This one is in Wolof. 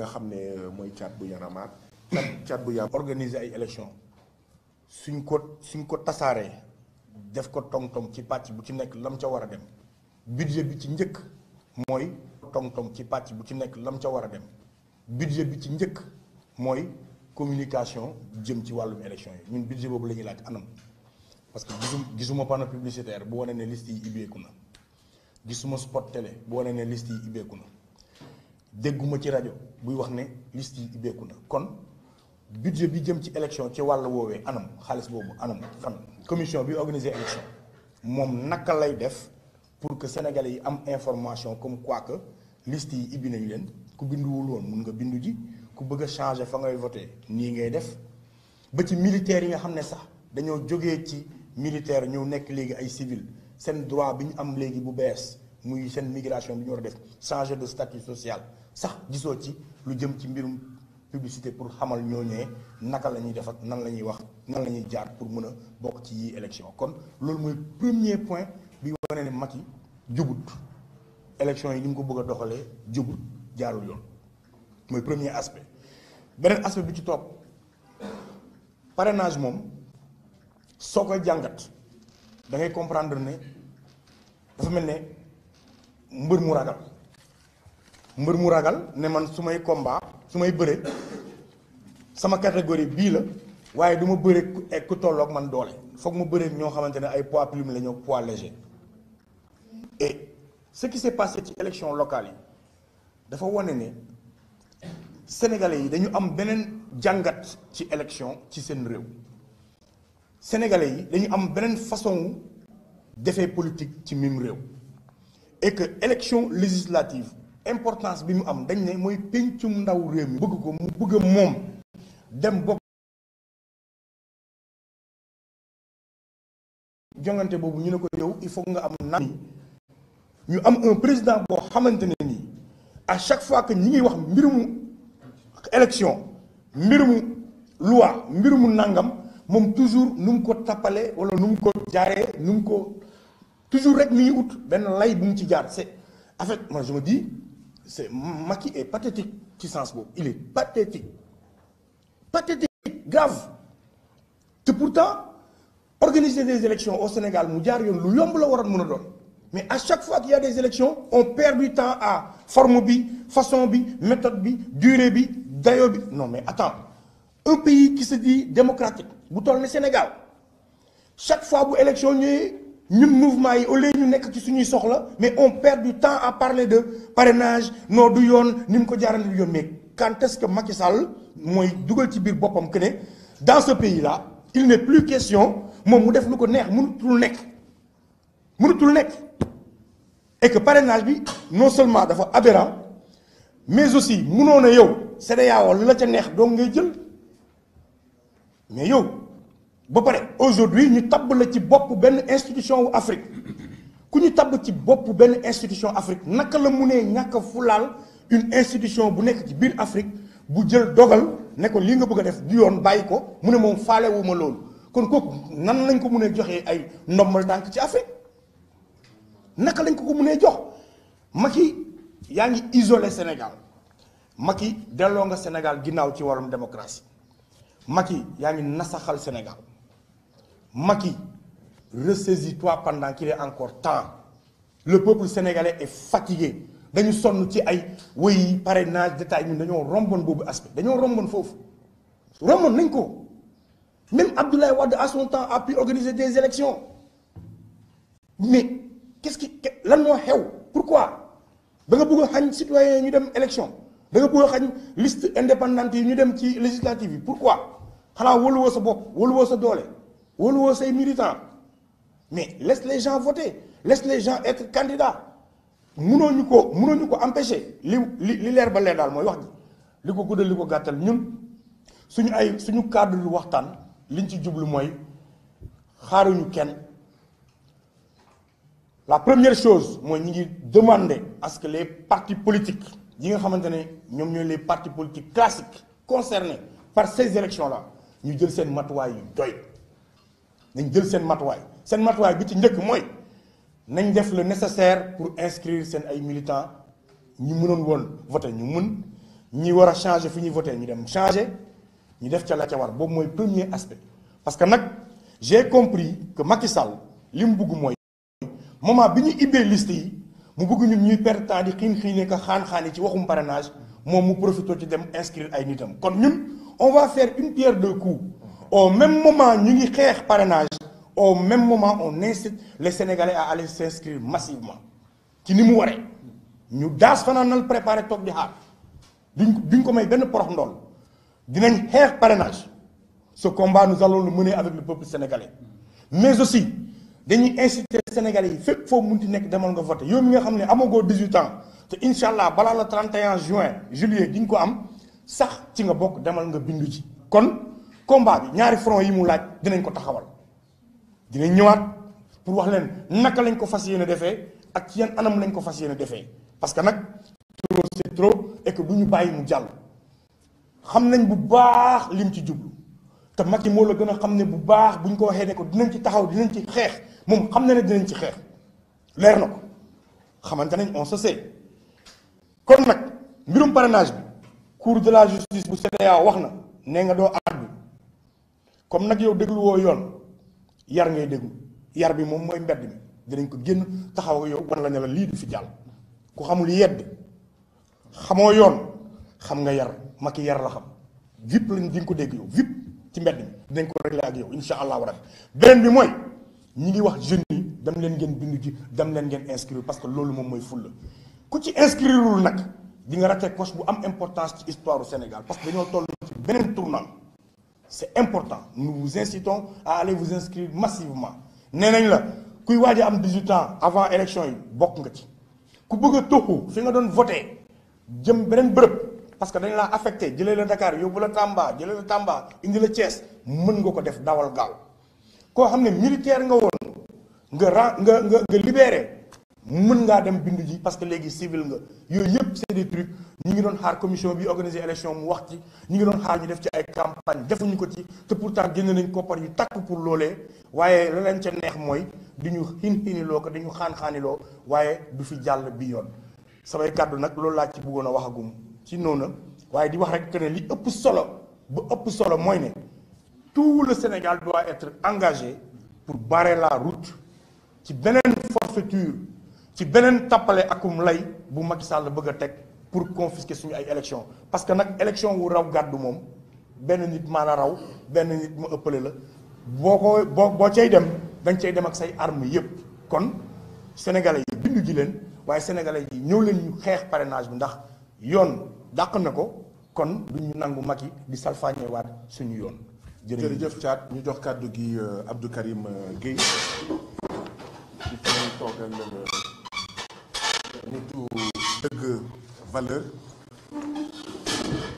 nga xam ne euh, mooy cat bu yaramaat cat cat bu yaram organiser ay élection suñ ko suñ ko tasaaree def ko tong-tong ci pàcc bu ci nekk lam ca war a dem budget bi ci njëkk mooy tong-tong ci pàcc bu ci nekk lam ca war a dem budget bi ci njëkk mooy communication jëm ci wàllum élection yi ñun budget boobu la ñuy laaj anam parce que gisuma panneau publicitaire bu wane ne liste yi ibbeeku na gisuma spot télé bu wane ne liste yi ibbeeku na dégguma ci rajo buy wax ne liste yi ubbeeku na kon budget bi jëm ci élection ci wàll woowee anam xaalis boobu anam fan commission bi organiser élection moom naka lay def pour que sénégalais yi am information comme quoi que liste yi ibbi nañu leen ku binduwul woon mun nga bindu ji ku bëgg a changer fa ngay voter nii ngay def ba ci militaire yi nga xam ne sax dañoo jógee ci militaire ñëw nekk léegi ay civil seen droit bi ñu am léegi bu bees muy seen migration bi ñu war a def changer de statut social sax gisoo ci lu jëm ci mbirum publicité pour xamal ñooñee naka la ñuy def nan la ñuy wax nan la ñuy jaar pour mën a bokk ci yii élection kon loolu mooy premier point bi wane ne Macky jubut élection yi ni mu ko bëgg a doxalee jubut jaarul yoon mooy premier aspect beneen aspect bi ci topp parenage moom soo koy jàngat da comprendre ne dafa mel ne mbër mu ragal mbër mu ragal ne man su may combat su may bëre sama catégorie bii la waaye du ma bëre ak eh, ku tolloog man doole foog ma bëre ñoo xamante ne ay poids plume la ñoo poids léger et ce qui s'est passé ci élection locale yi dafa wane ne sénégalais yi dañu am beneen jàngat ci élection ci seen réew sénégalais yi dañu am beneen façon defee politique ci mim réew et que élection législative importance bi mu am dañ ne mooy pencum ndaw réew mi bëgg ko mu bëgg moom dem bokk jongante boobu ñu ne ko yow il faut nga am naan ñu am un président boo xamante ne nii a chaque fois que ñi ngi wax mu élection mbirumu loi mbir mu nangam moom toujours nu mu ko tappale wala nu mu ko jaaree nu mu ko toujours rek mi ngi ut benn lay bu mu ci jaar c'est en fait moi je me dis c'est Macky est pathétique ci sens boobu il est pathétique pathétique grave te pourtant organiser des élections au Sénégal mu jaar yoon lu yomb la waroon mën a doon mais à chaque fois qu'il y a des élections on perd temps à forme bi façon bi méthode bi durée bi dayo bi non mais attends un pays qui se dit démocratique bu toll ne Sénégal chaque fois bu élection ñëwee ñun mouvement yi au lieu ñu nekk ci suñuy soxla mais on perd du temps à parler de parenage non du yoon ni mu ko jaarale du yoon mais quand est-ce que Macky Sall mooy dugal ci biir boppam que dans ce pays laa il n'est plus question moom mu def lu ko neex mënutul nekk mënutul nekk et que parrainage bi non seulement dafa aberrant mais aussi mënoon a yow CEDEAO la ca neex donc ngay jël mais yow ba pare aujourd'hui ñu tabb la ci bopp benn institution wu Afrique ku ñu tabb ci bopp benn institution Afrique naka la mu nee ñàkk a fulaal une institution bu nekk ci biir Afrique bu jël dogal ne ko li nga bëgg a def du yoon bàyyi ko mu ne moom faale ma loolu kon kooku nan lañ ko mun a joxee ay ndombal tànk ci Afrique naka lañ ko ko munee jox Macky yaa ngi isolé Sénégal Macky delloo nga Sénégal ginnaaw ci wàllum démocratie Macky yaa ngi nasaxal Sénégal Macky, ressaisis-toi pendant qu'il est encore temps. Le peuple sénégalais est fatigué. dañu sonn ci ay way wéy parrainage détail ñun dañoo romboon boobu aspect dañoo romboon foofu romboon nañ ko même Abdoulaye Wade à son temps a pu organiser des élections mais qu'est-ce qui lan moo xew pour pourquoi da nga bëgg a xañ citoyen ñu dem élection da nga bëgg a xañ liste indépendante yi ñu dem ci législative yi pour pourquoi xanaa wóoluwoo sa bopp wóoluwoo sa doole woo say militants mais laisse les gens voter laisse les gens être candidats mënoo ñu ko mënoo ñu ko empêcher li li li leer ba leer daal mooy wax ji li ko guddal li ko gàttal ñun suñu ay suñu cadre lu waxtaan liñ ci jublu mooy xaaruñu kenn la première chose mooy ñu ngi demander parce que les partis politiques yi nga xamante ne ñoom ñooy les partis politiques classiques concernés par ces élections la ñu jël seen matuwaay yu doy. nañ jël seen matuwaay seen matuwaay bi ci njëkk mooy nañu def le nécessaire pour inscrire seen ay militants ñu mënoon woon voté ñu mën ñi war a changer fu ñuy voté ñu dem changer ñu def ca la ca war boobu mooy premier aspect. parce que nag j'ai compris que Macky Sall li mu bugg mooy moment bi ñu ibbee liste yi mu bugg ñun ñuy perdre temps di xiin xiine ko xaan-xaan ci waxum parrainage moom mu profité ci dem inscrire ay nitam kon ñun on va faire une pierre au même moment ñu ngi xeex parenage au même moment on incite les sénégalais à aller s'inscrire massivement ci ni mu waree ñu daas fanaanal préparé toog di xaar duñ buñ ko may benn porox ndool dinañ xeex parrainage ce combat nous allons le mener avec le peuple sénégalais mais aussi dañuy inciter sénégalais yi fépp foo munti nekk demal nga voté yow mi nga xam ne amagoo 18 ans te incha allah balaa le 31 juin juillet di nga ko am sax ci nga bokk demal nga bindu ci kon. combat bi ñaari front yi mu laaj dinañ ko taxawal dinañ ñëwaat pour wax leen naka lañ ko fas yéene defee ak ci yan anam lañ ko fas yéene defee parce que nag trop c'est et que bu ñu bàyyi mu jàll xam nañ bu baax lim ci jublu te yi moo la gën a xam ne bu baax buñ ko waxee ne ko dinañ ci taxaw dinañ ci xeex moom xam na ne dinañ ci xeex leer na ko xamante nañ on se sait kon nag mbirum parrainage bi cour de la justice bu CEDEAO wax na nee nga doo bi comme nag yow déglu yoon yar ngay déglu yar bi moom mooy mbedd mi dinañ ko génn taxaw yow wan la ne la lii du fi jàll ku xamul yedd xamoo yoon xam nga yar maki yar la xam vip lañ di nga ko dégg yow vip ci mbedd mi dinañ ko réglé ak yow insha allahu rabbi beneen bi mooy ñi ngi wax jeune yi dem leen ngeen bindu ji dem leen ngeen inscrire parce que loolu moom mooy fulla ku ci inscrireul nag di nga raté coche bu am importance ci histoire du Sénégal parce que dañoo toll ci beneen tournant c'est important nous vous incitons à aller vous inscrire massivement nee nañ la kuy waaj a am 18 ans avant élection yi bokk nga ci ku bëgg a toxu fi nga doon voté jëm beneen bërëb parce que dañ laa affecté jëlee la Dakar yóbbu la Tamba jëlee la Tamba indi la Thiès mën nga ko def dawal gaaw koo xam ne militaire nga woon nga ra nga nga nga libéré mën ngaa dem bindu ji parce que léegi civil nga yooyu yëpp c'est des trucs ñi ngi doon xaar commission bi organiser élection mu wax ci ñu ngi doon xaar ñu def ci ay campagne defuñu ko ci te pourtant génn nañ koppar yu takk pour loolee waaye la leen ca neex mooy di ñu xin xiniloo ko dañu xaan-xaaniloo waaye du fi jàll bi yoon samay kàddu nag loolu laa ci buggoon a waxagum ci noonu waaye di wax rek que ne li ëpp solo ba ëpp solo mooy ne tout le Sénégal doit être pour barrer la route beneen ci beneen tappale akum lay bu Macky Sall bëgg a teg pour confisquer suñu ay élection parce que nag élection wu raw gàddu moom benn nit maa la raw benn nit mu ëppale la boo ko boo boo cay dem dañ cay dem ak say armes yépp kon sénégalais yi bindu ji leen waaye sénégalais yi ñëw leen ñu xeex parenage bi ndax yoon dàq na ko kon duñu ñu nangu Macky di salfaañe waat suñu yoon. jërëjëf Thiat ñu jox kàddu gi euh, Abdou Karim euh, Guèye. nitu dëgg valeur